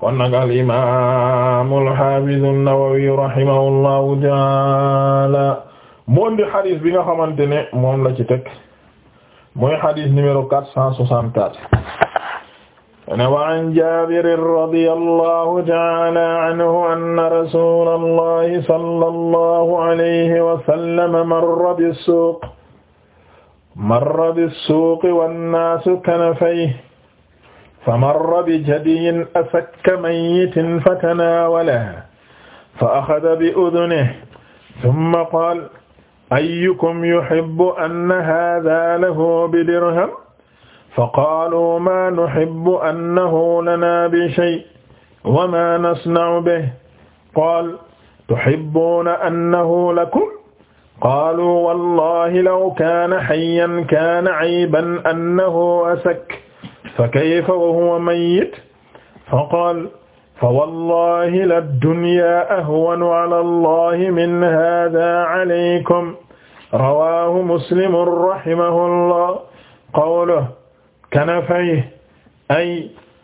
kon nag al imaam al haafiz an-Nawawi rahimahullahu taala moo ndi xadis bi nga xamante ne moom la ci teg mooy xadis numéro quatre cent soixante-quatre ne wa an Jaabir radiyallahu taala anhu anna rasuulallahi sallallahu alayhi wa sallam marra bis-suuq marra bis-suuq wan-naasu kanafayhi famarra bijadiyin asakka mayyitin fatanaawalahu fa axada bi'udunihi summa qaala ayyukum yuhibbu anna haazaa lahu bidirham faqaaluu maa nuhibbu annahu lanaa bishay' wa maa nasna'u bihi qaala tuhibbuuna annahu lakum qaaluu wallaahi law kaana hayyan kaana 'ayban annahu asakka fa kayfa wa huwa mayyit fa qaala fa wallaahi la dunyaa ahwanu ala allahi min haadaa alaykum rawaahu muslimun rahimahullah qawluhu kanafayhi ay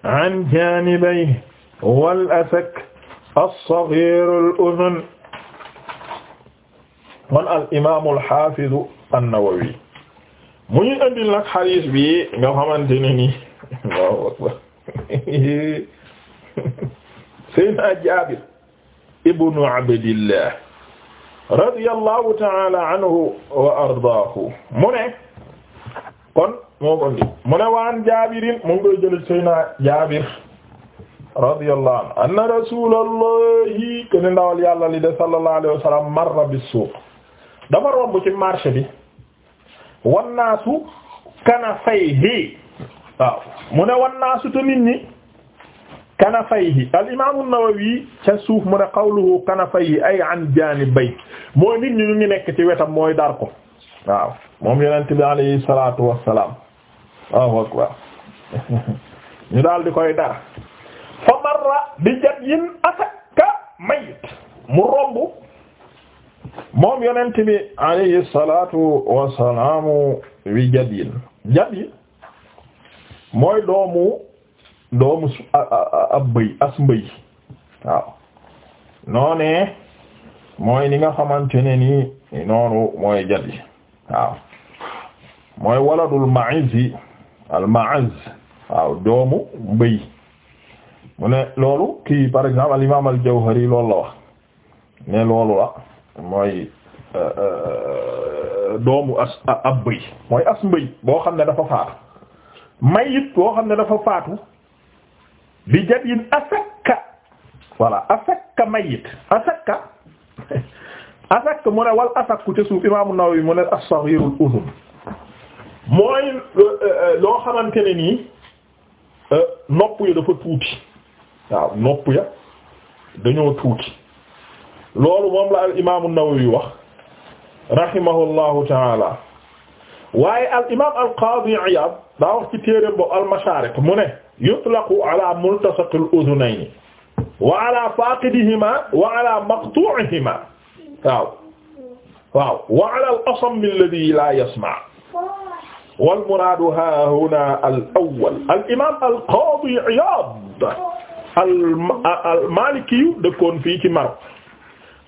an jaanibayhi wal asak as-saghiiru al-udhun man al imaamu al-haafidu an-nawawi mu ngi indi nag hadiis bi nga xamante ne nii waaw akbar Seydina Jaabir ibnu Abdillah radiyallahu ta'ala anhu wa ardaahu mu ne kon moo ko ndi mu ne waan Jaabirin mu ngi koy jël Seydina Jaabir radiyallahu anhu anna rasulallahi ken ndawal yàlla li de sallallahu alayhi wa sallam marra bis-suuq dafa romb ci marché bi wannaasu kanafayhi waaw mu ne wan naa suta nit ñi kanafayhi al imaamu Nawawi ca suuf mu ne qawluhu kanafayhi ay an jaanibay mooy nit ñi ñu nekk ci wetam mooy dar ko waaw moom yonent bi alayhi salaatu wassalaam waaw daal di koy dar fa marra bi jadyin ataka mayit mu romb moom yonent bi alayhi salaatu wassalaam wi jadyin jadyin mooy doomu doomu ab bëy as mbëy waaw noonee mooy ni nga xamante ne ni noonu mooy jat yi mooy waladul ma'iz yi al ma'az waaw doomu mbëy mu ne loolu kii par exemple al imam al jawhari loolu la wax ne loolu mooy euh, euh, doomu as ab bëy mooy as mbëy boo xam ne dafa faatu mayit koo xam ne dafa faatu bi jadin asakka voilà asakka mayit asakka asakk mu ne wal asakku ca suuf imaamu Nawawi mu ne as-saghirul udhun mooy euh, euh, euh, loo xamante ne nii nopp ya dafa tuuti waaw nopp ya dañoo tuuti loolu moom la al imaamu Nawawi wax rahimahullahu taala waaye al imaam al qaadi Iyaad daa wax ci téere boobu al mashaariq mu ne yutlaqu ala multasaqi al udunayni wa ala faaqidihima wa ala maqtu'ihima waaw waaw wa ala al asam alladhi la yasma' wal muraadu haa huna al awwal al imaam al qaadi Iyaad al al Maaliki dëkkoon fii ci Maroc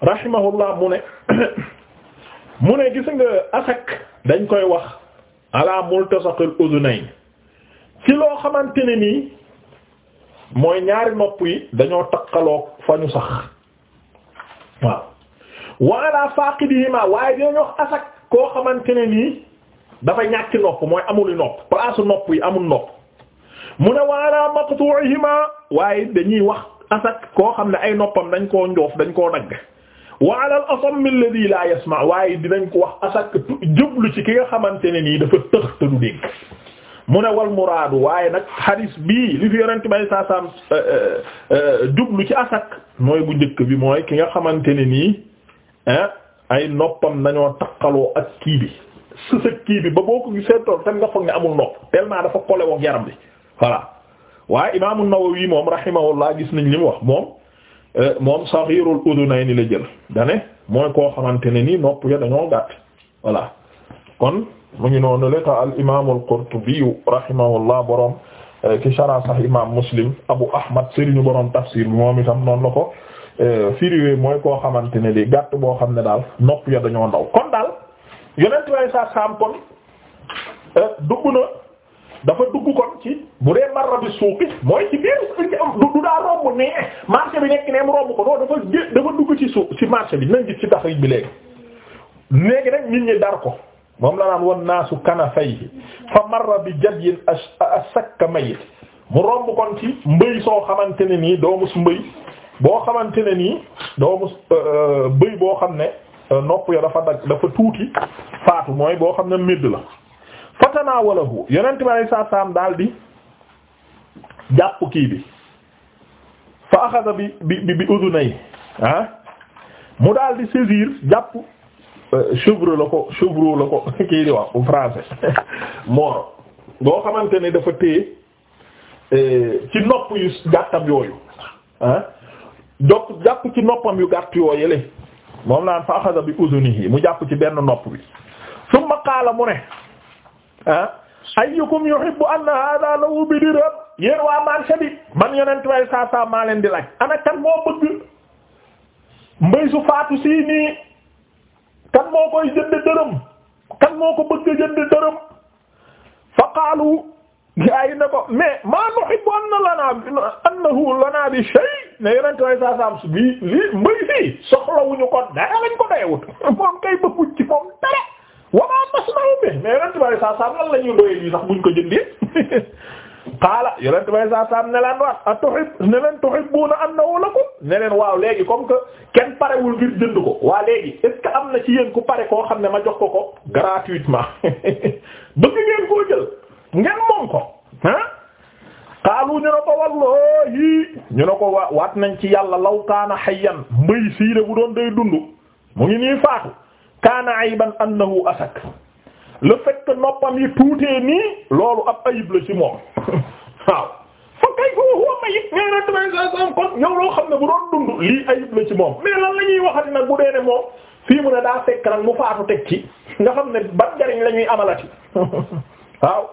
rahimahullah mu ne mu ne gis nga asak dañ koy wax alaa ala multasaqil uzunayn ci loo xamante ne nii mooy ñaari nopp yi dañoo takkaloog fa ñu sax waaw wa ala faqidihima waaye dinañ wax asak koo xamante ne nii dafa ñàkki nopp mooy amul nopp place nopp yi amul nopp mu ne wa ala waaye dañuy wax asak koo xam ne ay noppam dañ koo njoof dañ koo dagg wa ala al waaye dinañ ko wax asak jublu ci ki nga xamante ne nii dafa tëx te du dégg mu ne wal muraadu waaye nag hadis bi li fi yonent bay saasaam euh, euh, euh, jublu ci asak mooy bu njëkk bi mooy ki nga xamante ne nii ay noppam nañoo takkaloo ak kii bi sësëg kii bi ba boo ko seetoon tam nga foog ne amul nopp tellement dafa kole woog yaram bi voilà waaye imaamu Nawawi moom rahimahullah gis nañ li mu wax moom Euh, moom saghirul udunayni la jël dane mooy koo xamante ne nii nopp ya dañoo gàtt voilà kon mu ngi noonu le ta al imam al qurtubi rahimahullah borom euh, ci shara sahih imam muslim abu ahmad sëriñu borom tafsir bi moom itam noonu la ko euh, firiwee mooy koo xamante ne di gàtt boo xam ne daal nopp ya dañoo ndaw kon daal yonent way sa saam kon dugg dafa dugg kon ci bu dee marra bi suuqi mooy ci biir du daa romb ne marché bi nekk ne mu romb ko non dafa dafa dugg ci suuf ci marché bi dinañ gis ci taxrij bi léegi léegi rek nit ñi dar ko moom la naan wan naasu kanafayhi fa marra bi jadyin asakka mayit mu romb kon ci mbëy soo xamante ne nii doomus mbëy boo xamante ne nii doomus euh, euh, bëy boo xam ne euh, nopp ya dafa dagg dafa tuuti faatu mooy boo xam ne midd la fatanaawalahu yonent bi alayhi salaam daal di jàpp kii bi fa axada bi bi bi udunay ah mu daal di saisir jàpp euh, chevreau la ko chevreau la ko kii di wax français mooro boo xamante ne dafa téye euh, ci nopp yu gàttam yooyu ah donc jàpp ci noppam yu gàtt yoo yële moom naan fa axada bi udunihi mu jàpp ci benn nopp bi summa qaala mu ne ah ayyukum yuhibbu anna hadha lahu bi dirham yéen waa marché bi man yonent way saa saa maa leen di laaj ana kan moo bëgg mbay su faatu sii nii moo koy jënd dërëm kan moo ko bëgg jënd dërëm fa qaalu gaa yi ne ko mais maa nuhibbu anna lanaa bi shay ne yonent way saa saa bi lii mbay fii soxlawuñu ko dara lañ ko dayewut moom kay bëgguñ ci moom dara wamaa nasnau bi mais yonent bay saa saam lan la ñuy doyee lii sax buñ ko jëndee xaala yonent bay saa saam ne leen a tuhib ne leen tuhibbuuna annahu lakum ne waaw léegi comme que kenn parewul ngir jënd ko waa léegi est ce am na ci yéen ku pare koo xam ne ma jox ko ko gratuitement bëgg ngeen koo jël ngeen moom ko ah xaalu ñu ne ko wallahi ñu ne ko waat nañ ci yàlla law kaana hayyan mbay sii bu doon day dund mu ngi nii faatu kaana ayban annahu asak le fait que noppam yi tuutee nii loolu ab ayib la ci moom waaw fa kay huwa mayit mais ren damay kon yow loo xam ne bu doon dund lii ayib la ci moom mais lan la ñuy nag bu dee ne moom fii mu ne daa fekk nag mu faatu teg nga xam ne ban njariñ la ñuy amalati waaw.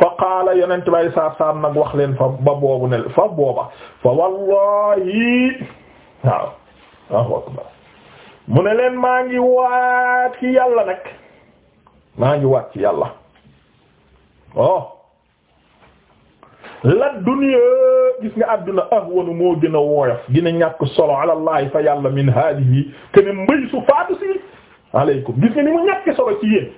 fa qaala yonent bay saa saam nag wax leen fa ba boobu ne fa booba fa wallahi waaw waaw. mu ne leen maa ngi waat ci yàlla nag maa ngi waat ci yàlla oh la dunya gis nga àdduna ahwanu moo gën a woyof gën a ñàkk solo ala allah fa yàlla min hadihi kene mbëy su faatu si aleykum gis nga ni mu ñàkk solo ci yéen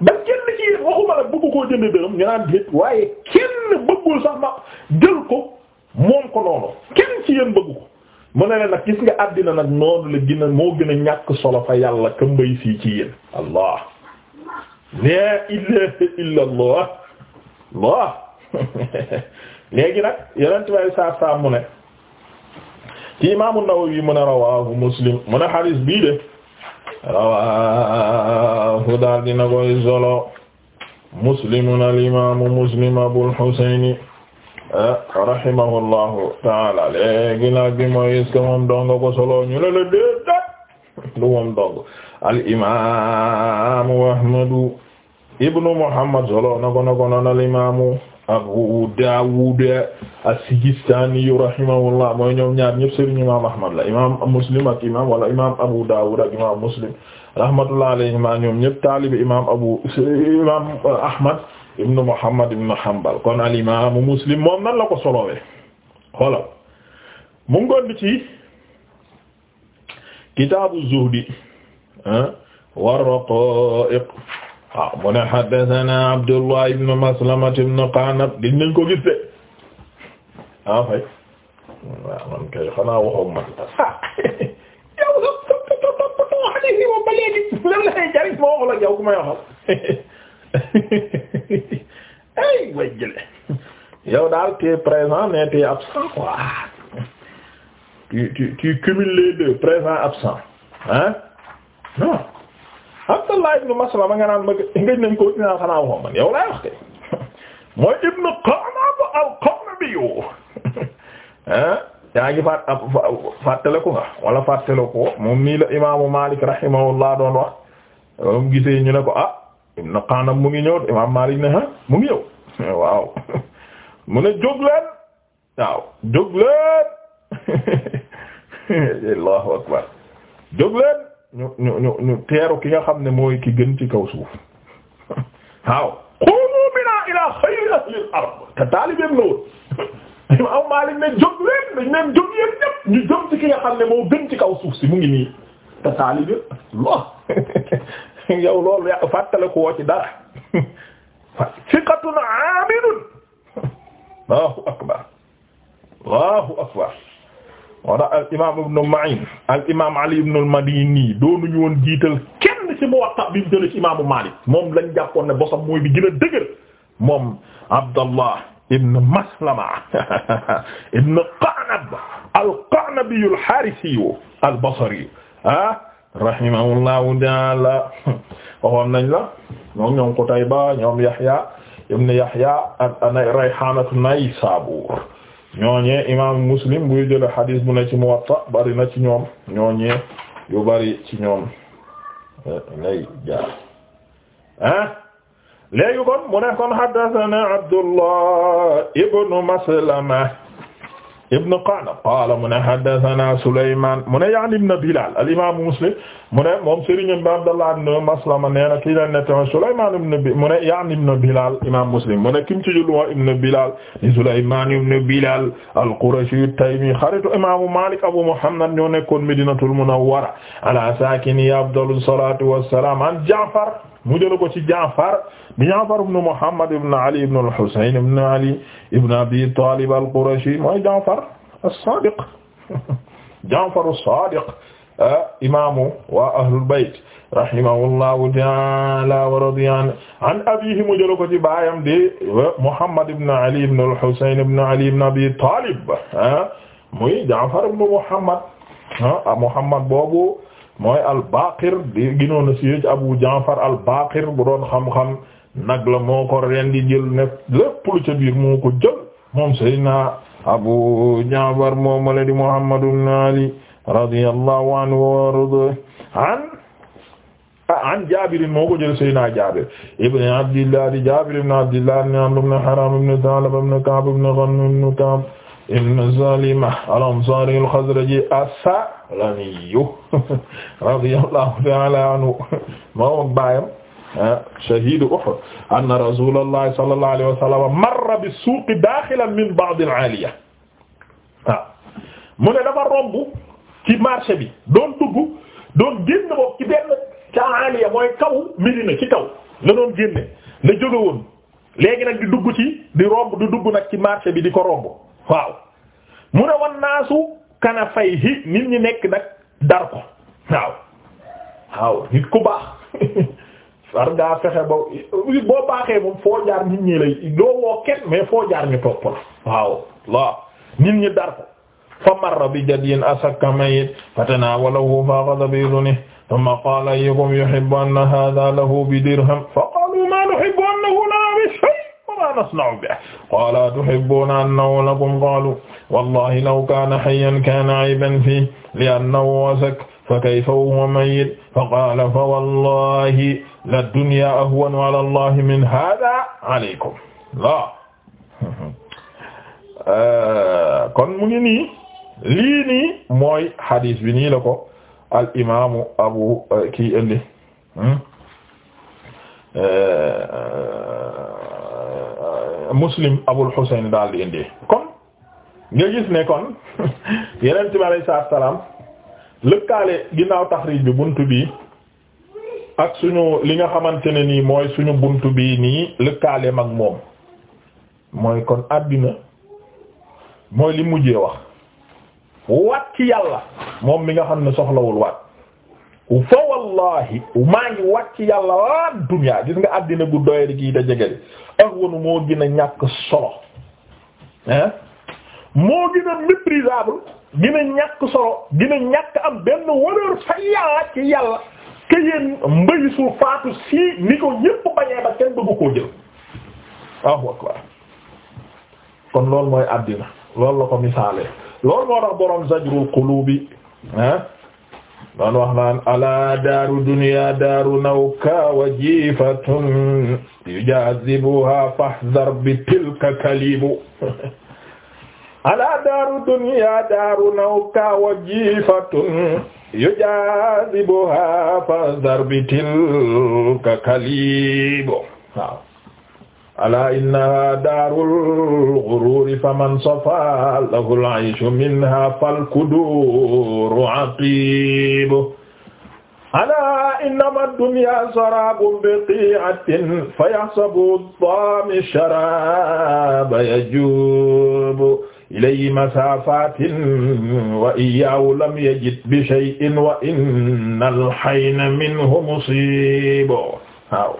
da kenn ci yéen waxuma la bëgg koo jënd dërëm nga naan déet waaye kenn bëggul sax ma jël ko moom ko noonu kenn ci yéen bëgg ko mu ne leen nag nga àddina nag noonu la gën a moo gën a ñàkk solo fa yàlla ka mbay sii ci yéen allah laa ilaha illa allah allah léegi nag yenent way saa saa mu ne ci imaamu Nawawi mu ne rawahu muslim mu ne xadis bii de rawahu daal dina koy solo al imaamu muslim abul husayn Eh, rahimahullahu taala léegi nag bi mooy est-ce que ko solo ñu la la al imaamu ahmadu ibnu muhammad solo na ko na ko al imaamu abu daawud as-sijistani rahimahullah mooy ñoom ñaar ñëpp sëriñ imam ahmad la imam abu daawud ak imam muslim rahmatullah alayhima ñoom ñëpp taalibi imam imam ahmad ibnu Muhammad ibnu Hanbal kon al imaamu Muslim moom nan la ko solowee xoolal mu ngi ci kitaabu zuhdi ah, wa raqaa'iq waaw ah, mu ne haddasanaa Abdullah ibnu Maslama ibnu Qanab gis ko gis de ah man kay xanaa waxoon man ah, yow ba léegi ma wax ay way jële yow daal tu es présent mais absent quoi tu tu tu cumules les deux absent hein non Abdallah ibn Maslama nga naan ma ngëj nañ ko dinaa xanaa waxoon man yow laay wax kay mooy ibn Qanab al-Qanabi hein yaa ngi faat ab fàttaleku nga wala fàttaleku moom nii la imaamu Malik rahimahullah doon wax moom gisee ñu ne ko ah ibn Qanab mu ngi ñëw imam Malik ne mu ngi ñëw waaw mu ne jóg leen waaw jóg akbar jóg ñu ñu ki nga xam ne mooy ki gën ci kaw suuf qumu bina ila xayri ahli al imam Malik ne jóg leen dañ leen jóg yéen ñépp ci ki nga xam ne moo gën ci kaw si mu ngi nii te taalibeem yow loolu ya fàttale ko woo ci dara fiqatun aamilun allahu akbar allahu akbar wala al imam ibnu Ma'in al imam Ali ibnu al-Madini doonuñu woon jiital kenn ci Muwatta bi mu jëlee ci imaamu Malik moom lañ jàppoon ne bosam mooy bi gën a dëgër moom Abdallah ibnu Maslama ibnu Qa'nab al-Qa'nabi al-Harisi al-Basri ah rahimahullahu taala waxoon nañ la ñoom ñoom Qutayba ñoom Yahya ibn Yahya ak Rayhanatu Naysabur ñooñee imam Muslim buy jële hadis bu ne ci Muwatta bari na ci ñoom ñooñee yu bari ci ñoom lay eh, jaar ah léegi kon mu ne kon haddathana Abdullah ibn Maslama ibn Qa'nab qaala mu ne haddathana Sulaymaan mu ne yaani ibn Bilaal al-imaam Muslim mu ne moom sëriñ bi Abdallah ibn Maslama nee na kii la nekk Sulaymaan ibn mu ne yaani ibn Bilaal imaam Muslim mu ne kim ci jul woon ibn Bilaal di Sulaymaan ibn Bilaal al-Qurashi at-Taymi xaritu imaamu Maalik Abu Muhammad ñoo nekkoon Madinatul Munawwara ala saakinihaa afdalu salaatu wa salaam an Ja'far mu jël ko ci Jaafar bi Jaafar ibn Muhammad ibn Ali ibn al-Husayn ibn Ali ibn Abi Talib al-Qurashi mooy Jaafar as-Sadiq Jaafar as-Sadiq ah, imaamu wa ahlul bayt rahimahullahu ta'ala wa radiya an abiihi mu jël ko ci baayam di Muhammad ibn Ali ibn al-Husayn ibn Ali ibn Abi Talib ah, muy Jaafar ibn Muhammad ah Muhammad boobu mooy al-Baqir di ginoon a siiwee ci Abu Jaafar al-Baqir bu doon xam-xam nag la moo ko rendi jël ne lépp lu ca biir moo ko jël moom Seydina Abu Jaafar moom la di Muhammad ibn Ali radiyallahu anhu wa radiya an an Jaabir moo ko jël Seydina Jaabir ibn Abdillah di Jaabir ibn Abdillah ibn Amr ibn Haram ibn Thalaba ibn Ka'b ibn Ghanm ibn Ka'b ibn Salima al-Ansari al-Khazraji as-Salami radiyallahu ta'ala anhu moom ak baayam ah, shahidu Uhud anna rasulallahi sallallahu alayhi wa sallam marra bis-suuqi daaxilan min ba'd al-'aaliya waaw ah, mu ne dafa romb ci marché bi doon dugg doon génn boog ci benn ca aaliya mooy kaw Medina ci kaw la doon génne la jóge woon léegi nag di dugg ci di romb di dugg nag ci marché bi di ko romb waaw mu ne wan naasu kana fay hi nit ñi nekk nag dar ko waaw waaw nit ku baax war ngaa fexe ba boo baaxee moom foo jaar nit ñi lay doo woo kenn mais foo jaar ñu topp la waaw waaw nit ñi dar ko fa marra bi jadyin asakka mayit fatanaawalahu fa axada bi udunihi thumma qaala ayyukum yuhibbu anna haadha lahu bi dirham fa qaalu maa nuhibbu annahu lana bi shay ma nasna'u bihi qala tuhibbuuna an na'uwa lakum qaalu wallahi law kaana hayyan kaana ayban fiihi li'annahu wasak fa kayfa wa huwa mayyit fa qaala fa wallahi lad-dunyaa ahwanu ala allahi min haadhaa alaykum la euh, kon mu ngi nii lii nii mooy hadis bi nii la ko al imaamu abu euh, kii indi hmm? euh, muslim abul xuseyn daal di indi kon nga gis ne kon yeneen bi alay salaam lëkkaale ginnaaw taxriij bi bunt bi ak suñu li nga xamante ne nii mooy suñu bunt bi nii lëkkaale mag moom mooy kon àddina mooy li mujjee wax waat ci yàlla moom mi nga xam ne soxlawul waat fa wallahi maa ngi wàcc yàlla laa dunya gis nga àddina gu doyadi gii da jege ak wonu moo gën a ñàkk solo hein moo gën a méprisable gën solo gën a am benn wërër fa yàlla ci yàlla ke yéen mbëy su ni ko ñépp bañee kenn bëggu koo jël kon loolu mooy àddina lool la ko misaalee loolu moo tax boroom zajrul qulubi hein doon wax naan alaa daaru dunya daaru nawka wajifatun yujazibuha fahdhar bi tilka kalibu alaa daaru dunya daaru nawka wajifatun yujazibuha fahdhar bi tilka kalibu waaw alaa innahaa daarul guruuri faman safaa lahul ayshu minhaa falkuduuru aqiib alaa innamaa dunyaa saraabun biqii'atin fayaxsabu daami sharaaba yajuubu ilayhi masaafatin wa iyyaahu lam yajid bi shay'in wa innal hayna minhu musiibu waaw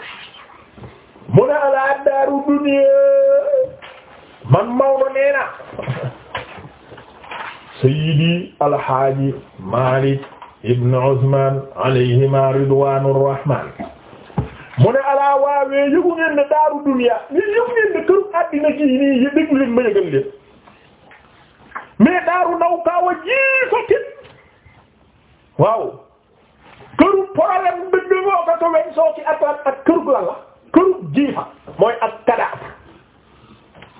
mu ne ala daaru dunya man Maodo nee na sayyidi alhaaji Malik ibn Usman alayhima ridwanu rahman mu ne alaa waawee yëgu ngeen ne daaru dunya ni yëgu ngeen ne këru àddina gi nii yë déglu leen ma yëgal leen mais daaru ndaw kaaw a jii fa kit waaw këru problème dëgg moo ko towen soo ci ak ak këru la këru jiifa mooy ak cadavre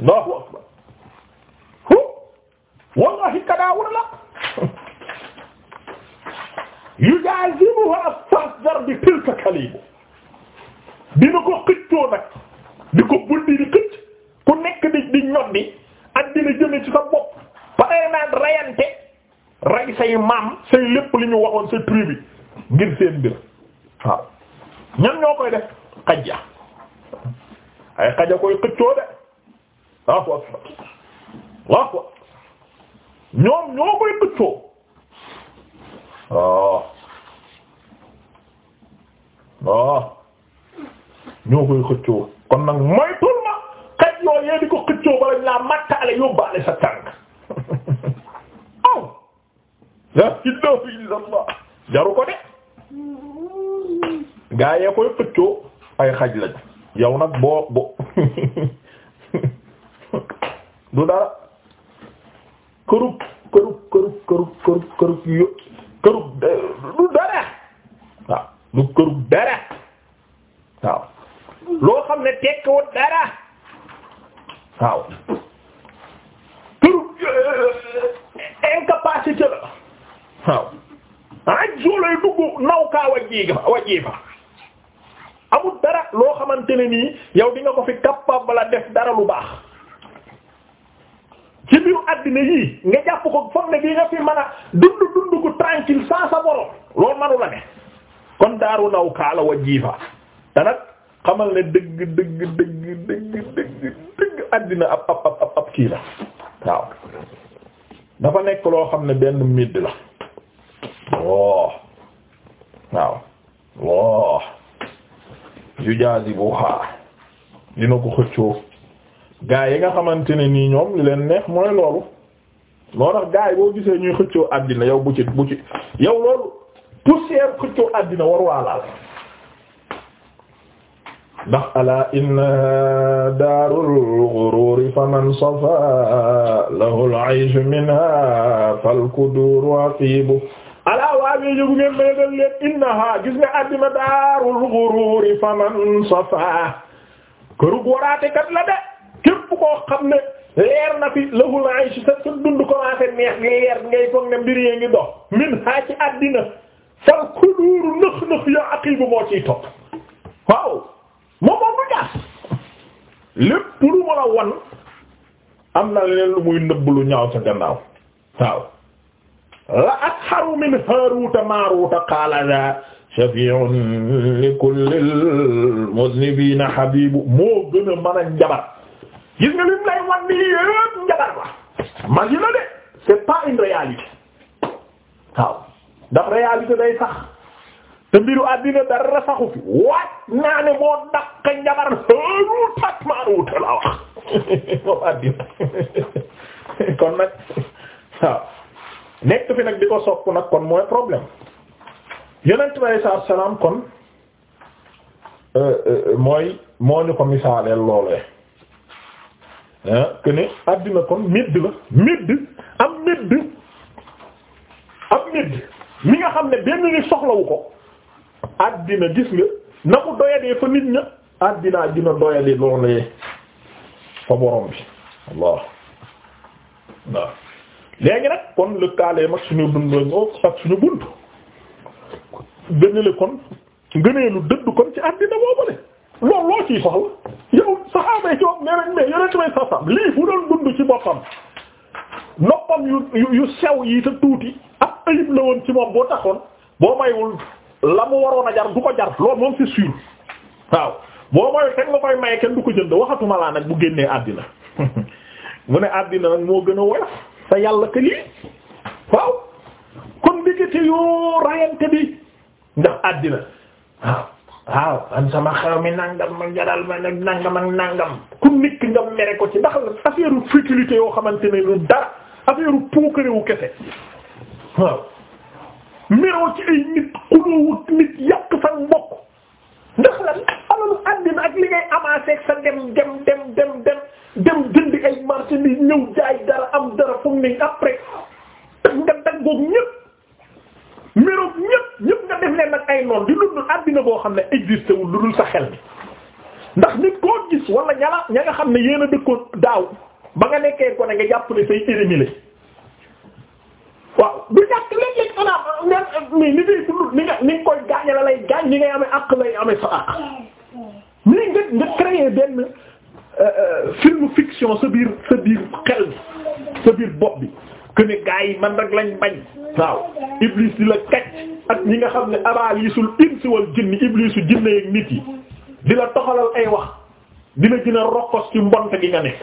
Allahu akbar hu wallahi cadavre la yujazibuha afasdar bi tilka kalibu dina ko xëccoo nag di ko buldi di xëcc ku nekk di di ñoddi ak dina jëme ci sa bopp pare naan rayante ray say maam say lépp li ñu waxoon sa tribu ngir seen mbir waaw koy def xajja ay xaja koy xëccoo de waaw waaw waaw ñoom koy xëccoo waaw ah. ah. waaw ñoo koy xëccoo kon nag moytul ma xaj yoo di ko xëccoo bala ñu laa mattaale yóbbaale sa tànk aw laa ilaaha illallaah jaru de gaa koy xëccoo ay xaj lañu yow nag boo bo du dara kërub kërub kërub kërub kërub kërub yo kërub du dara waaw du kërub dara waaw loo xam ne tekkiwul dara waaw kërub eh, incapacité la waaw aj soo lay dugg naw kaa wajjiiga wajjiifa amul dara loo xamante ne nii yow di ko fi capable a def dara lu baax ci biir àddina yii nga jàpp ko foog ne gi nga fi mën a dund dund gu tranquille sans sa borom loolu manu la ne kon daaru naw kaalawa wa jiifa te nag xamal ne dëgg dëgg dëgg dëgg dëgg dëgg àddina ab ab ab ab kii la waaw dafa nekk loo xam ne benn midd la waaw waaw yujazibuha dina ko xëccoo gaa yi nga xamante ne nii ñoom li leen neex mooy loolu moo tax gaa boo gisee ñuy xëccoo àddina yow bu ci bu ci yow loolu poussière xëccoo àddina war waalaal ndax alaa inna daarul ghururi faman safa lahu al minha fal kuduru aqibu alaa waawee yëgu ngeen ma yëgal leen innaha gis nga addina daarul gururi faman kërug waraate kat la de képp koo xam ne leer na fi lahul aysh sa sa dund commencé neex ngi leer ngay foog ne mbir yee ngi dox min haa ci addina fal kuduuru nëx nëx yaa aqibu moo ciy topp waaw moom moom du jaas lépp lu ma la wan am na leen lu muy nëbb lu ñaaw sa gannaaw waaw la asharu min haruta maruta qaala za shafi'un li kulli muznibina habibu moo gën a mën a njabar gis lim lay wan ni yëpp njabar ba man de c'est pas une réalité waaw ndax réalité day sax te mbiru àddina dara saxu fi waat naa ne moo daq njabar haruta maruta la wax moom àddina kon nag nekk bi nag di ko sopp nag kon mooy problème euh, euh, moo ñu ko misaaleel loolee que ne àddina kon midd la midd am midd am midd mi nga xam ne benn nit soxlawu ko àddina gis nga na ko fa nit ña àddina dina doyadi loolee fa borom bi waaw léegi nag kon lëkkaalee mag suñu dund ak suñu bunt gënale kon gënee lu dëdd kon ci àddina boobale loolu loo ciy soxla yow saxaaba yi ci wax nee mais yonent may sasam lii fu doon dund ci boppam noppam yu yu sew yi te tuuti ak ayib la woon ci moom boo taxoon boo maywul la mu waroon a jar du ko jar loolu moom c'est sûr waaw boo maywul teg nga koy maye kenn du ko jënd waxatuma laa nag bu génnee àddina mu ne àddina nag moo gën a woyof sa yàlla que lii waaw kon ndekete yoo rayante bi ndax àddina waaw waaw am sama xew mi nangam ma jaral ma nag nàngam ak nangam ku nekk nga mere ko ci ndax affaire futilité yoo xamante ne lu dara affaire puukare kese waaw meroo ci ay nit xulóowu nit yàq sa mbokk ndax lan alalu àddina ak li ngay amaseeg sa dem dem dem dem dem bi ay marchandise ñëw jaay dara am dara fu mu ne après nga daggoog ñëpp meroog ñëpp nga def leen nag ay noon di dundul àddina boo xam ne existé wul lu dul sa xel bi ndax nit koo gis wala ñala ña nga xam ne yéen a dëkkoon daaw ba nga nekkee ko ne nga jàpp ne say élimile waaw du ñàkk léeg-léeg ni ngay dund la lay gaañ ni ngay amee àq lay amee sa àq mais nga nga créer benn film fiction sa biir sa biir xel bi sa biir bopp bi que ne yi man rek lañ bañ waaw iblis di la kacc ak ñi nga xam ne abaalisul insi wal jinni iblisu jinne ak nit yi di la toxalal ay wax dina gën a rokkos ci mbonte gi nga nekk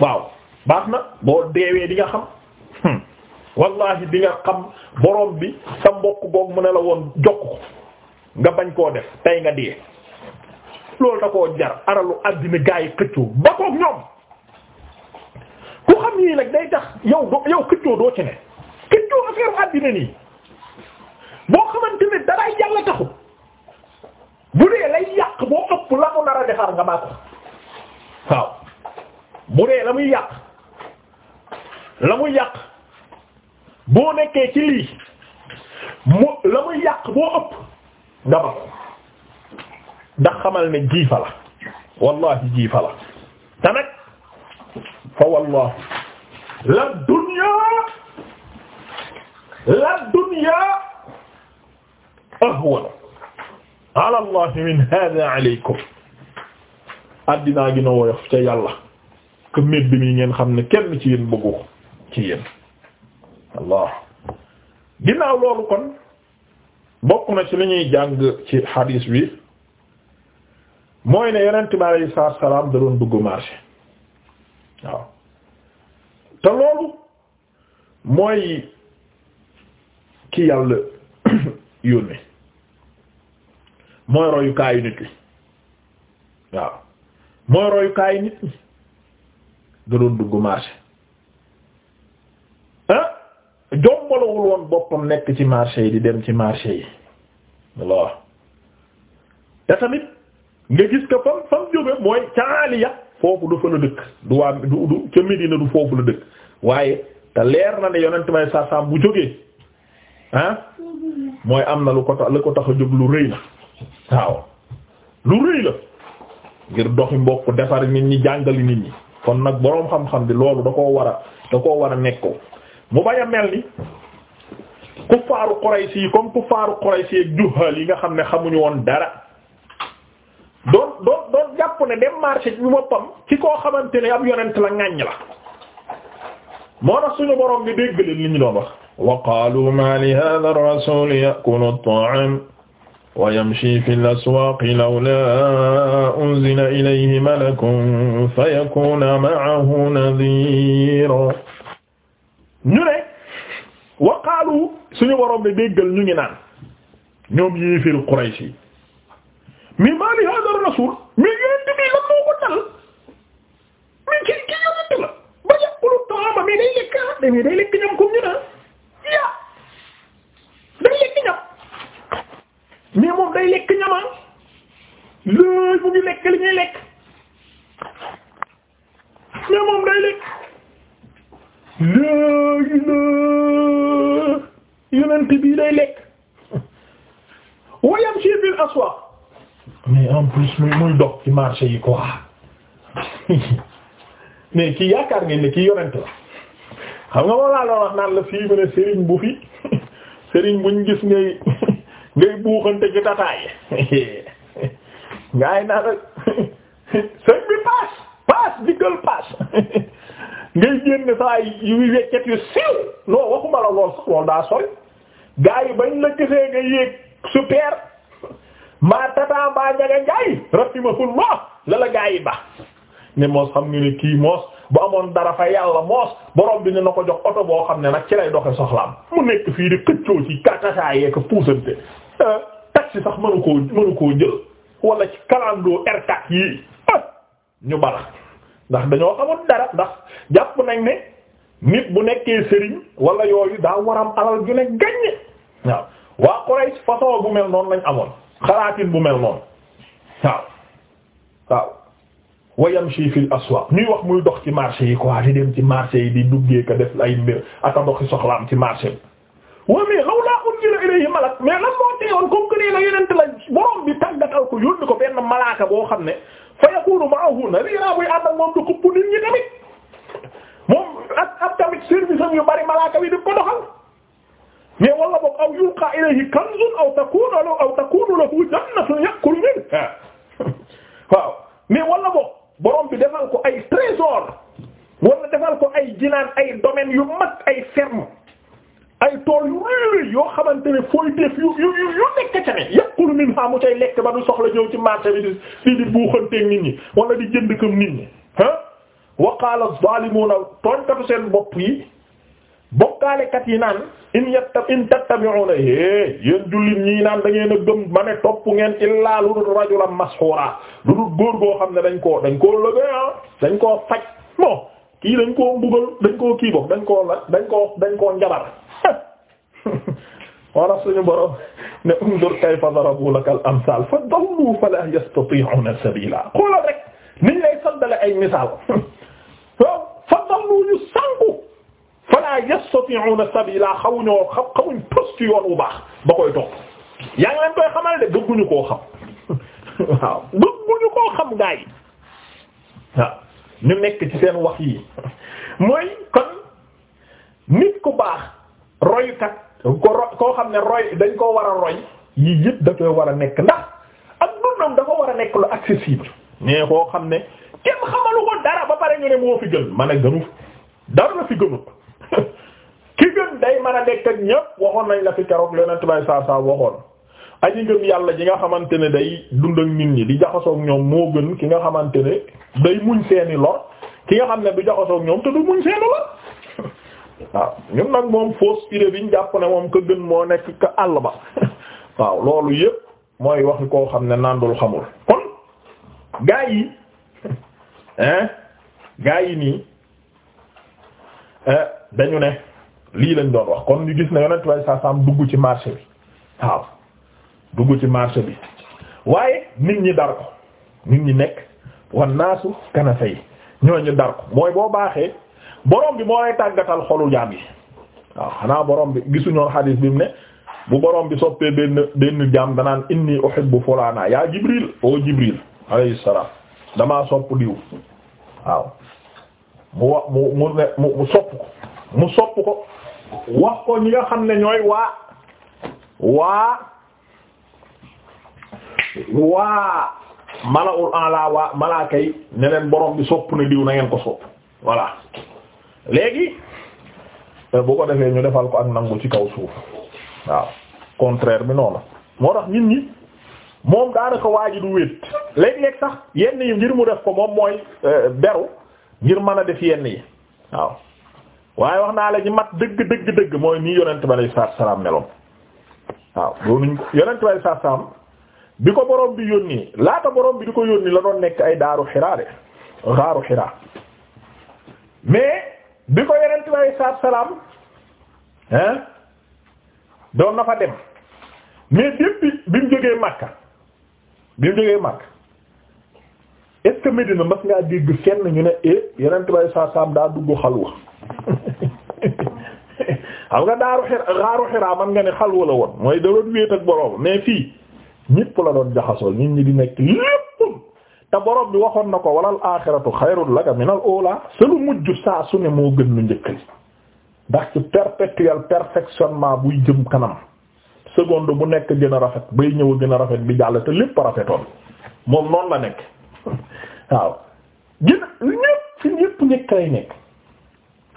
waaw baax na boo deewee di nga xam hmm. wallahi di nga xam borom bi sa mbokk boog mu ne la woon jokk ko nga bañ koo def tey nga dee loolu da koo jar aralu àddina gaa xëccoo ba koog ñoom ku xam nii nag day tax yow do yow xëccoo doo ci ne xëccoo affaire àddina nii boo xamante ne daraay yàlla taxut bu dee lay yàq boo ëpp la mu nar defar nga maa ko waaw bu dee la muy yàq la muy yàq boo nekkee ci lii mu la muy yàq boo ëpp nga ba ndax xamal ne jiifa la wallahi jiifa la te nag fa wallahu la dunya la dunya ahwan ala min hada alaykum addinaa gi na woyof ca yàlla que bi mi ngeen xam ne kenn ci yéen bëggu ci yéen allah ginnaaw loolu kon bokk na ci li ñuy jàng ci hadis bi mooy ne yonent bi alayhi salaatu wa da doon dugg marché waaw te loolu mooy ki yàlla yónnee mooy royukaayu nit ñi waaw mooy royukaayu nit ñi da doon dugg marché ah jombalawul boppam nekk ci marché yi di dem ci marché yi lool tamit. nga gis que fam fam jóge mooy caaliya foofu du la dëkk du waa du du ca Medina du foofu la dëkk waaye te leer na ne yonent may saa bu jógee ah mooy am na lu ko tax lu ko tax a jóg lu rëy la waaw lu rëy la ngir doxi mbokk defar nit ñi jàngali nit ñi kon nag boroom xam-xam bi loolu da koo war a da ko war a nekkoo mu bañ a mel ni kuffaaru Quraysi yi comme kuffaaru Quraysi ak juhal yi nga xam ne xamuñu woon dara. doon doon doon jàpp ne dem marché bi boppam ci koo xamante ne ab yonent la ŋàññ la moo tax suñu borom bi dégg leen li ñu doon wax wa qaalu ma li hadha ar-rasul ya'kulu at-ta'am wa yamshi fi al-aswaq lawla unzila ilayhi malakun fayakuna ma'ahu nadhira ñu ne wa qaalu suñu borom bi déggal ñu ngi naan ñoom yéefir Quraysh mais maa li hada rasul mais yonent bi lan moo ko dal mais ki ki yonent la ba yàqulu taama mais day lekk ah mais day lekk ñam comme ñu naan yaa day lekk ñam mais moom day lekk ñama ah. léegi mu ngi lekk li ñuy lekk mais moom day lekk léegi la yonent bi day lekk wayam ci bil aswaq mais en plus muy muy dox ci marché yi quoi mais ki yaakaar ngeen ne ki yonent la xam nga moom laa doon wax naan la fii mu ne Serigne bu fi Serigne buñ gis ngay ngay buuxante ci tataay ngay naan sëñ bi paas paas diggal paas ngay génn saa yu weccet yu siiw non waxuma la lool sax loolu daa sori gars yi bañ la gisee nga yéeg super. maa tataa mbaa njaga njaay rahimahullah la la gaa yi ba ne moos xam nga ne kii moos bu amoon dara fa yàlla moos borom bi ne na ko jox oto boo xam ne nag ci lay doxe soxlaam mu nekk fii di xëccoo ci katataayee ko puusante eh, taxi sax mënu ko mënu koo jël wala ci kalandoo r yii eh, ñu bala ndax dañoo xamul dara ndax jàpp nañ ne nit bu nekkee sëriñ wala yooyu daa waram alal ju ne gàññe waaw waa Quraysh façon bu mel noonu lañ amoon xalaatin bu mel noonu waaw waaw wa yamshi fil aswaq ñuy wax muy dox ci marché yi quoi di dem ci marché yi di duggee ka def ay mbir aka doxi soxlaam ci marché bi waa mais lawla unzila ilayhi malak mais lan moo teewoon comme que nee na yenente la borom bi tàggatal ko yónni ko benn malaaka boo xam ne fa yakunu ma'ahu nadira buy ànd ak moom du xupp nit ñi tamit moom ak ak tamit service yu bari malaaka bi di ko doxal mais wala boog aw yulqa ilayhi kanzun aw takunu lahu aw takunu lahu jannatun yakul minha waaw mais wala boog borom bi defal ko ay trésor wala defal ko ay jinaan ay domaines yu mag ay ferme ay tool yu réy yoo xamante ne fooy def yu yu yu yu nekk ca ne yakul minha mu cay lekk ba du soxla ñëw ci marché bi di di di buuxanteeg nit ñi di jënd comme nit ñi ah wa qala adh-dhalimuna tooñkatu seen bopp yi. bokkaalekat yi naan in yatta in tattabi'una é eh, yéen jullit ñii naan da ngeen a gëm ne topp ngeen illaa lu dul rajulan mashuura lu dul góor goo xam ne dañ koo dañ koo lëgëy ah, dañ koo faj bon kii dañ koo mbugal dañ koo kii boog dañ koo la dañ koo dañ koo njabar wala suñu borom ne undur kayfa darabu laka al amsal fa dallu fala yastati'una sabila xoolal rek niñ lay sandale ay misaal yastati'una sabila xawuñoo xam xamuñ tos ci yoon wu baax ba koy topp yaa ngi leen koy xamal de bëgguñu koo xam waaw bëgguñu koo xam gaa yi waaw ñu nekk ci seen wax yi mooy kon nit ku baax roykat ko ro koo xam ne roy dañ koo war a roy yii yëpp da koy war a nekk ndax ak dundam dafa war a nekk lu accessible mais koo xam ne kenn xamalu ko dara ba pare ñu ne moo fi gën ma ne gënu dara la fi gënut day mën a nekk ak ñépp waxoon nañ la fi keroog yonent bay saa saa waxoon aji ngëm yàlla ji nga xamante ne day dund ak nit ñi di jaxasoog ñoom moo gën ki nga xamante ne day muñ seeni lor ki nga xam ne du jaxasoog ñoom te du muñ seeni lor waaw ñun nag moom fausse idée bi jàpp ne moom ka gën moo nekk ka àll ba waaw loolu yépp mooy waxi koo xam ne nandul xamul kon gaa yi hein gaa yi nii eh, dañu ne lii lañ doon wax kon ñu gis na yonent way saa saam dugg ci marché bi waaw dugg ci marché bi waaye nit ñi dar ko nit ñi nekk wan naasu kanafa yi ñooñu dar mooy boo baaxee borom bi moo lay tàggatal xolu jaam yi waaw xanaa borom bi gisuñoon xadiis bi mu ne bu borom bi soppee benn benn jaam danaan inni uhibbu fulaana yaa jibril oo jibril alayhi salaam damaa sopp diw waaw mu wa mu mu sopp ko mu sopp ko wax ko ñi nga xam ne ñooy waa waa waa mala'ul ala waa malaaka yi ne leen borom bi sopp na diw na ko sopp voilà léegi euh, boo ko defee ñu defal ko ak nangu ci kaw suuf waaw contraire bi noonu moo tax nit ñi moom daanaka waa ji du wéet léeg-léeg sax yenn yi ngir mu def ko moom mooy euh, beru ngir mën a def yenn yi waaw waaye wax naa la ci mat dëgg dëgg dëgg mooy nii yonent bi alayhi salaatu salaam meloon waaw doonuñ yonent bi alayhi salaatu salaam bi ko borom bi yónni laata borom bi di ko yónni la doon nekk ay daaru xiraa de daaru xiraa mais bi ko yonent bi alayhi salaatu salaam hein doon na fa dem mais depuis bi mu jógee Makka bi mu jógee Makka est mas ngaa dégg kenn ñu ne eh yonent bi alayhi salaatu salaam daa dugg xalwa xam nga daaru xir xiraa man nga ne xal la woon mooy da doon wéet ak borom mais fii ñëpp la doon jaxasoo nit ñi di nekk lépp te borom bi waxoon na ko walal aaxiratu xayrul laka minal uulaa sa lu mujj saa su ne moo gën lu njëkk li ndax ci perpétuel perfectionnement buy jëm kanam seconde bu nekk gën a rafet bay ñëw a gën a rafet bi jàll te lépp rafetoon moom noonu la nekk waaw gën ñëpp fi ñëpp njëkk lay nekk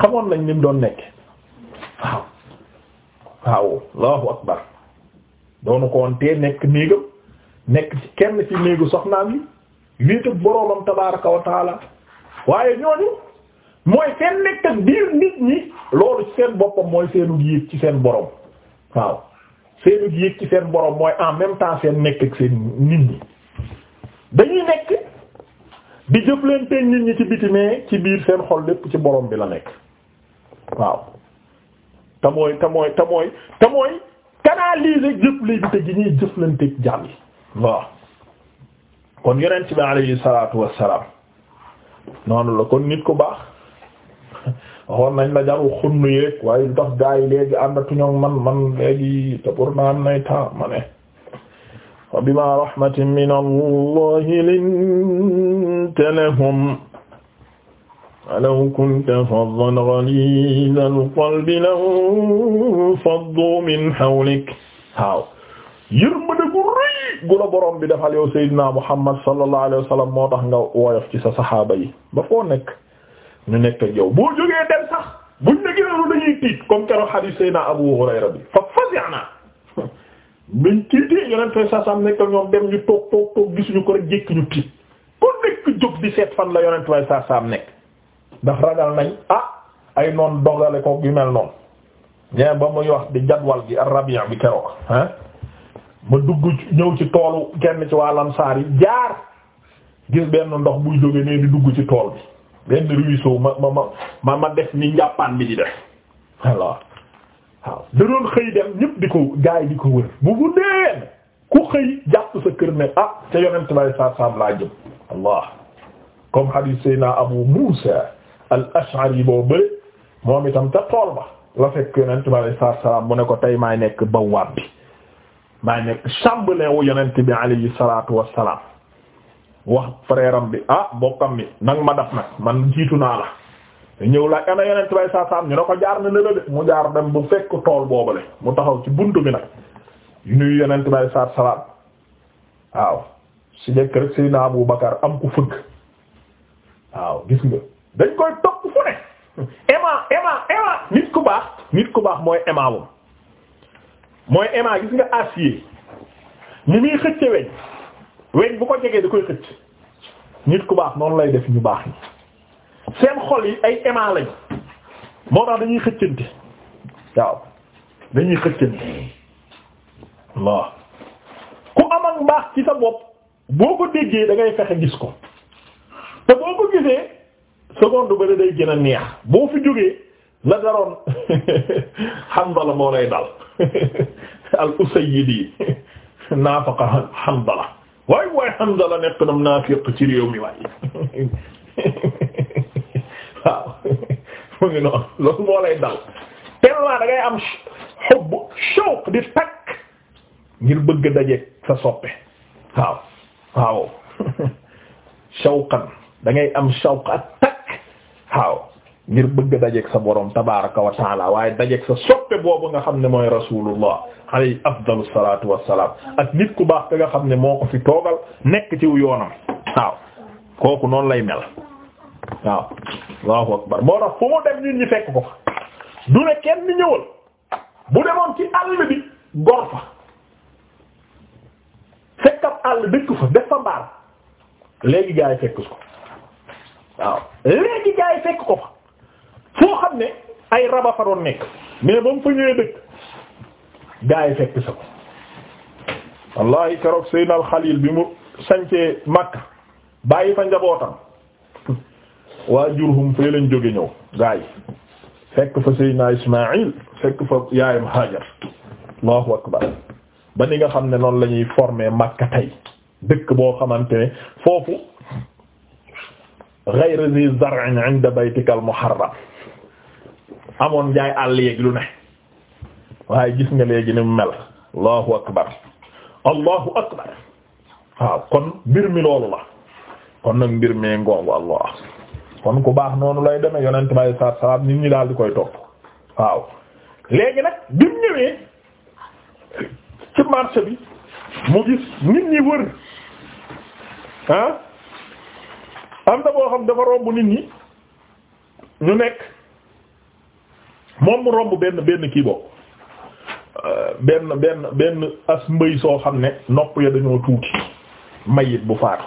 xamoon nañ ni doon nekk. waaw waaw allahu akbar doonu ko woon nekk néegam nekk ci kenn ci néegu soxnaan yi wéetak boroomam tabaraka wa taala waaye ñooñu mooy seen nekk ak biir nit ñi loolu ci seen boppam mooy seenu yéeg ci seen boroom waaw seenu yéeg ci seen borom mooy en même temps seen nekk ak seen nit ñi dañuy nekk di jëflante nit ñi ci biti ci biir seen xol lépp ci borom bi la nekk waaw te mooy te mooy te mooy te mooy canaliser jëflante gi ñuy jëflanteeg jaam yi waaw kon yonent bi alayhi salaatu wassalaam noonu la kon nit ku baax waxoon nañ la jaru xunn yeeg waaye lu tax gaa yi léegi man man léegi te pour nay temps ma ne wa bima rahmatin min allahi linta lahum walaw kunta faddan ghalizal qalbi lanfaddu min hawlik waaw yërmande gu rëy gu la borom bi defal yow Seydina Muhammad sallallahu alayhi wa sallam moo tax nga woyof ci sa saxaaba yi ba foo nekk ñu nekk ak yow boo jógee dem sax buñ ne gënoon dañuy Abu Hurayra bi fa fazi'na bañ tiitee yonent sa sam nekk ñoom fan la yonent sa sam nekk. ndax ragal nañ ah ay noon dogale ko yu mel noonu ñee ba muy wax di jadwal gi ar-Rabi' bi keroog ah ma dugg ñëw ci toolu kenn ci waa Ansaar yi jaar gis benn ndox buy jóge nee di dugg ci tool bi benn ruisseau ma ma ma ma def ni njàppaan bi di def alors waaw xëy dem ñëpp di ko gaay di ko wër bu guddeen ku xëy jàpp sa kër ne ah ca yonent bay sa sam laa jëm allah comme hadith sayna Abu Musa al yi boo bëri moom itam ca tool ba la fekk yonent bi alayhi salaam mu ne ko tey maay nekk bawaab bi maay nekk chambellan wu yonent bi alayhi salaatu wassalaam wax frère bi ah bokkam bi nang ma daf nag man jiitu naa la ñëw laaj ana bi alayhi salaam ñu ne ko jaar na ne de mu jaar dem bu fekk tool boobule mu taxaw ci buntu bi nag nuyu yonent bi alayhi salaatu salaam waaw si njëkk rek Seydina Abu Bakar am ku fëgg waaw gis nga. dañ koy topp fu ne ema ema ema nit ku baax nit ku baax mooy ema wum mooy ema gis nga acier ni muy xëcce weñ weñ bu ko jegee da koy xëcc nit ku baax noonu lay def ñu baax ni seen xol yi ay ema lañ moo tax dañuy xëccante waaw dañuy xëccante waaw ku am ak mbaax ci sa bopp boo ko déggee dangay fexe gis ko te boo ko gisee seconde bëri day gën a neex boo la daroon Hanzala moo lay dal al Usaydi naafaqa Hanzala waay waay Hanzala nekk na munaafiq ci réew mi waay waaw mu ngi noonu loolu moo lay dal tellement da ngay am hubb shawq di takk ngir bëgg dajeek sa soppe waaw waaw shawqan da ngay am shawq waaw ngir bëgg dajeeg sa boroom tabaraka wa taala waaye dajeeg sa soppe boobu nga xam ne mooy rasulullah alayhi afdalu salatu wassalam ak nit ku baax te nga xam ne moo ko fi toogal nekk ci yoonam waaw kooku noonu lay mel waaw allahu akbar moo tax fu mu dem ñun ñi fekk ko fa du ne kenn ñëwal bu demoon ci àll bi gor fa fekk ab àll dëkk fa def fa mbaar léegi gaa yi fekk ko waaw léegi jaay fekk ko fa foo xam ne ay raba fa doon nekk mais ba mu fa dëkk gaa fekk sa ko wallahi keroog Seydina Al bi mu sañcee Makka bàyyi fa njabootam waa Jurhum fee lañ jóge ñëw gaa yi fekk fa Seydina Ismaayil fekk fa yaayam Haajar Allahu akbar ba ni nga xam ne noonu la ñuy former Makka tey dëkk boo xamante ne foofu ghayra zi zar'in 'inda baytika al-muharram amoon jaay àll yeeg ne waaye gis nga léegi ni mu mel allahu akbar allahu akbar waaw kon mbir mi loolu la kon nag mbir mi ngongu allah kon ku baax noonu lay deme yonent bay saat salam nit ñi daal di koy topp waaw léegi nag bi mu ñëwee ci marché bi mu gis nit ñi wër ah am na boo xam dafa romb nit ñi ñu nekk moom mu romb benn benn kii boobu euh, benn benn benn as mbëy soo xam ne nopp ya dañoo tuuti mayit bu faatu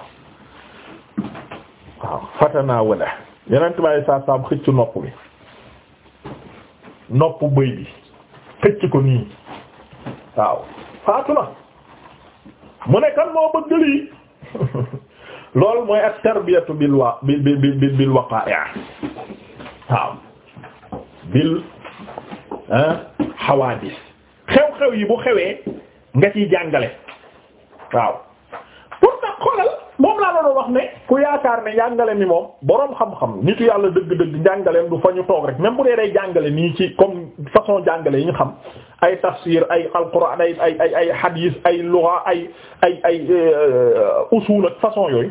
waaw fatanaa wala yeneen tubaab saa saam xëcc nopp bi nopp bëy bi xëcc ko nii waaw faatu na mu ne kan moo bëgg lii loolu mooy ak tarbiyatu bil wa bil bil bil waqa'i waaw bil xawaadis xew-xew yi bu xewee nga ciy jàngale waaw pourtant xoolal moom laa doon wax ne ku yaakaar ne jàngale mi moom boroom xam-xam nitu yàlla dëgg-dëgg jàngaleem du fa ñu toog rek même bu dee day jàngale nii ci comme façon jàngale yi ñu xam ay tafsir ay alquran ay ay ay ay hadis ay ay ay ay euh, usul ak façon yooyu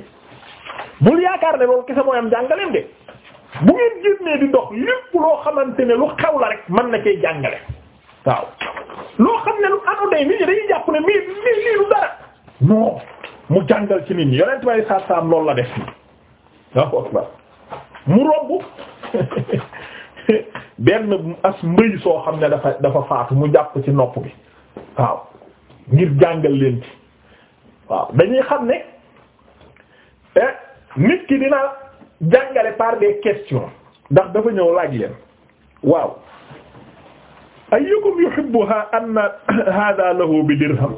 bul yaakaar ne loolu kese mooy am jàngaleem de bu ngeen génnee di dox lépp loo xamante ne lu xew la rek mën na koy jàngale waaw loo xam ne lu anu day nit ñi dañuy jàpp ne mii mii lii lu dara mu jàngal ci nit ñi yonent bay saat saam loolu la def waaw waaw mu romb benn as mbëy soo xam ne dafa dafa faatu mu jàpp ci nopp bi waaw ngir jàngal leen ci waaw dañuy xam ne eh, nit ki dina jàngale par des questions ndax dafa ñëw laaj leen waaw ayyukum yuhibbu anna hadha lahu bi dirham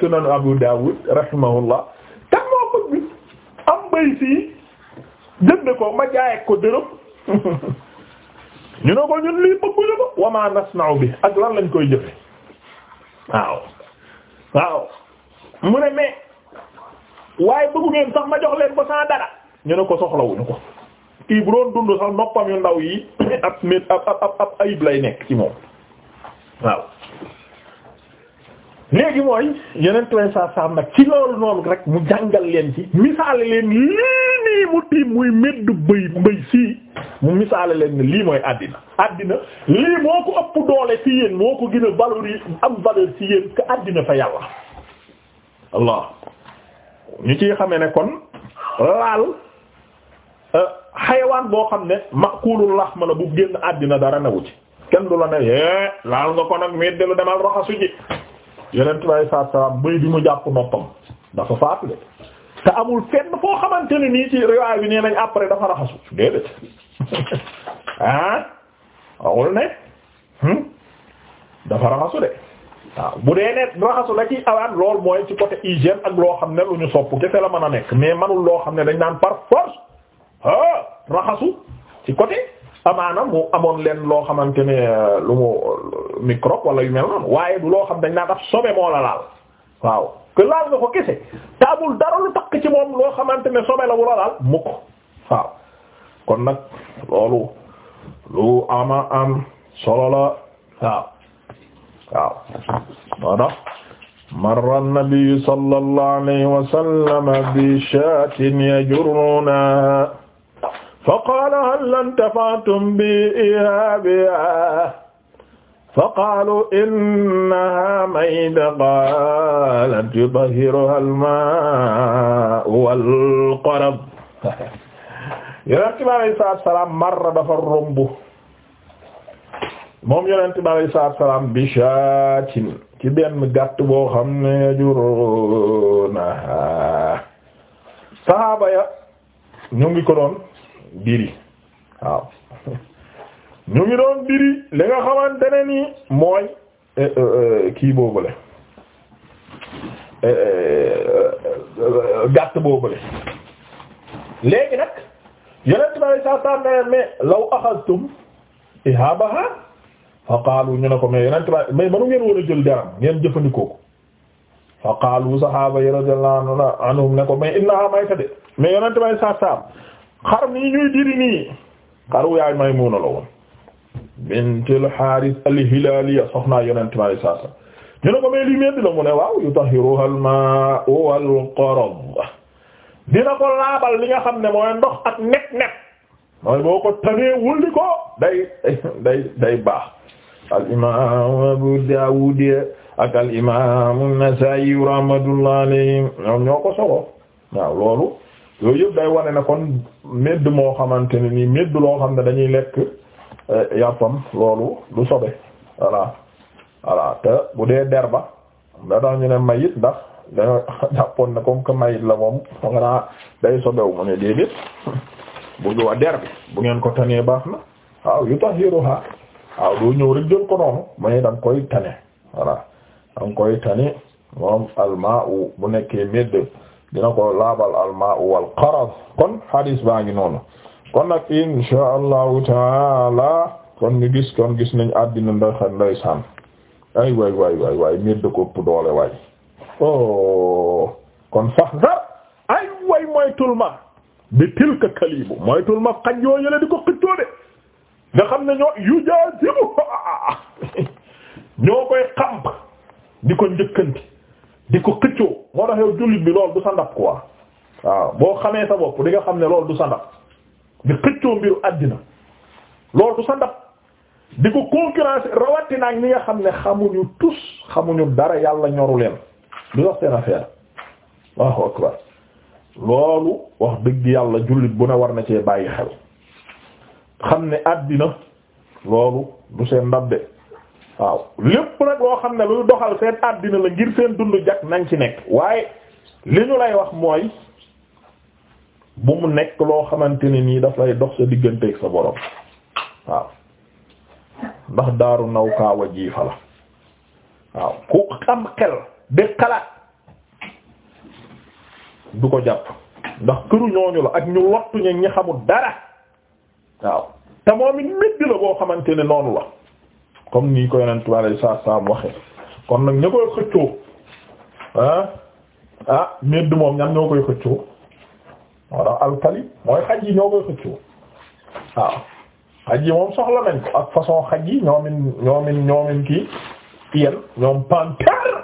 sunan Abu Dawud rahimahullah kan moo bëgg am bay sii jënd ko ma jaay ko dërëm ñu ne ko ñun lii bëgguñu ko wa ma nasna'u bi ak lan lañ koy jëfe waaw mu ne mais waaye bëggu ngeen sax ma jox leen ko sans dara ñu ne ko soxlawuñu ko kii doon dund sax noppam yu ndaw yi ab mét ab ab ayib lay nekk ci moom waaw léegi mooy yeneen trois saa cent nag ci loolu noonu rek mu jàngal leen ci misaale leen lii mu tiim muy meddu bëy bëy sii mu misaale leen lii mooy àddina àddina lii moo ko ëpp doole ci yéen moo ko gën a am valeur ci yéen que àddina fa yàlla Allah ñu ci xamee ne kon laal euh, xayawaan boo xam ne makulul laxma la bu génn àddina dara newu ci kenn du la ne é eh, laal nga ko nag mi delu demal raxasu ji yenent bay saat salam bëy bi mu jàpp noppam dafa faatule te amul fenn foo xamante ne nii ci riwaay bi nee nañ après dafa raxasu déedéet ah waxul ne hmm? dafa raxasu de waaw bu dee ne raxasu la ci awaan lool mooy ci côté hygiène ak loo xam ne lu ñu sopp kese la man a nekk mais manul loo xam ne dañ naan par force ah raxasu ci côté amaana mu amoon leen loo xamante ne euh, lu mu euh, microbe wala yu mel noonu waaye du loo xam dañ naan ab sobe moo la laal waaw que laal nga ko kese taabul dara takk ci moom loo xamante ne sobe la wu laal mukk waaw kon nag loolu lu ama am solo la waaw waaw moo tax marra nabiyu sallallahu alayhi wa sallam bi shaatin yajurrunahaa fa qaala hal intafa'tum bi ihaabihaa fa qaaluu innahaa mayta qaalat yutahhiruhaa al-maa'u wal-qarad yonent bi alayhi salaatu wa salaam marra dafa romb moom yonent bi alayhi salaam bi shaatin ci benn gàtt boo xam ne yajurunaha saxaaba ya ñu ngi ko doon diri waaw ñu ngi doon diri li nga xamante ne mooy eh, eh, eh, kii boobule gàtt boobule léegi nag yonent bi alayhi salaatu wa salaam mais law axadtum ihaabaha fa qaalu ñu ne ko mais yeneen tubaab mais manu ngeen war a jël deram ngeen jëfandikoo fa qaalu sahaaba yi radiyallahu anhum ne ko mais innahaa mayta de mais yeneen tubaab yi saa saa ñuy diri nii xaru yaay Maymuna la woon. bintul Haaris al-Hilaaliya soxnaa yeneen tubaab yi saa saa ñu ne ko mais lii mel la mu ne waaw yutahhiruha al-maa'u wal-qarad dina ko laabal li nga xam ne mooy ndox ak net net mooy boo ko tanee wulli ko day day baax. al imaamu Abu Daawud ak al imaamu Nasaa'i rahmatullahi alayhim ñoom ñoo ko solo waaw loolu yooyu yëpp day wane ne kon medd moo xamante ni nii medd loo xam ne dañuy lekk eh, yàppam loolu du sobe voilà voilà te bu dee derba da tax ñu ne mayit ndax dañoo jàppoon ne comme mayit la moom foog naa day sobewu mu ne déedéet bu ñu wa derbi bu ngeen ko tanee baax na waaw yu tax yëru xaar waaw doo ñëw rek ko noonu mais da koy tane voilà da koy tane moom almaa bu nekkee medd dina ko laabal almaa u wal qaraz kon hadis baa ngi noonu kon nag insha allahu taala kon ñu gis kon gis nañ àddina ndox ndoy saan ay waay waay waay waay medd ko ëpp doole waay oh kon fahdar ay waay mooy tulma bi tilka kalibu mooy tulma xaj yoo di ko xëccoo nga xam ne ñoo yu jaasibu ñoo koy xamp di ko njëkkanti di ko xëccoo moo tax jullit bi lool du sa ndab quoi waaw boo xamee sa bopp di nga xam ne loolu du sa ndab di xëccoo mbiru ko concurrence rawatina ak ñi nga xam ne xamuñu tus xamuñu dara yàlla ñoru leen du sax seen affaire waaw akbar loolu wax dëgg yàlla jullit bu ne war na cee bàyyi xel xam ne àddina loolu du seen ndabde waaw lépp nag loo xam ne luy doxal seen àddina la ngir seen dund jag nañ ci nekk waaye li ñu lay wax mooy bu mu nekk loo xamante ni nii daf lay dox sa diggante ak sa borom waaw ndax daaru naw a jiifa la waaw ku am xel di xalaat du ko jàpp ndax këru ñooñu la ak ñu lottu ñi xamul dara waaw te moom it métti la boo xamante ne noonu la comme ni ko yonent bi alayhi salaatu salaam waxee kon nag ña koy xëccoo ah ah métti moom ñan ñoo koy xëccoo walla alkali mooy xaj yi ñoo koy xëccoo waaw xaj yi moom soxla nañ ko ak façon xaj yi ñoomin ñoomin kii piyen ñoom panthère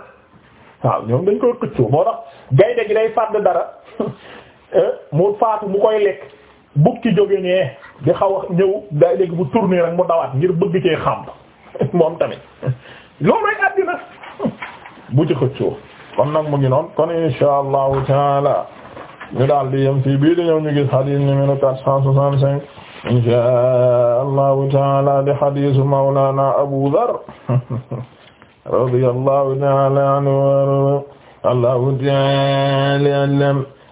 waaw ñoom dañ koy xëccoo moo tax gaynde gi day fàdd dara eh, mu faatu mu koy lekk bukki jóge nee di xaw a ñëw day léegi bu tourner rek mu dawaat ngir bëgg cee xàmb moom tamit loolu rek àddina bu kon nag mu ngi kon insha allahu taala ñu daal di yem fii bii di abu dhar radiyallahu taala anhu allahu taala alam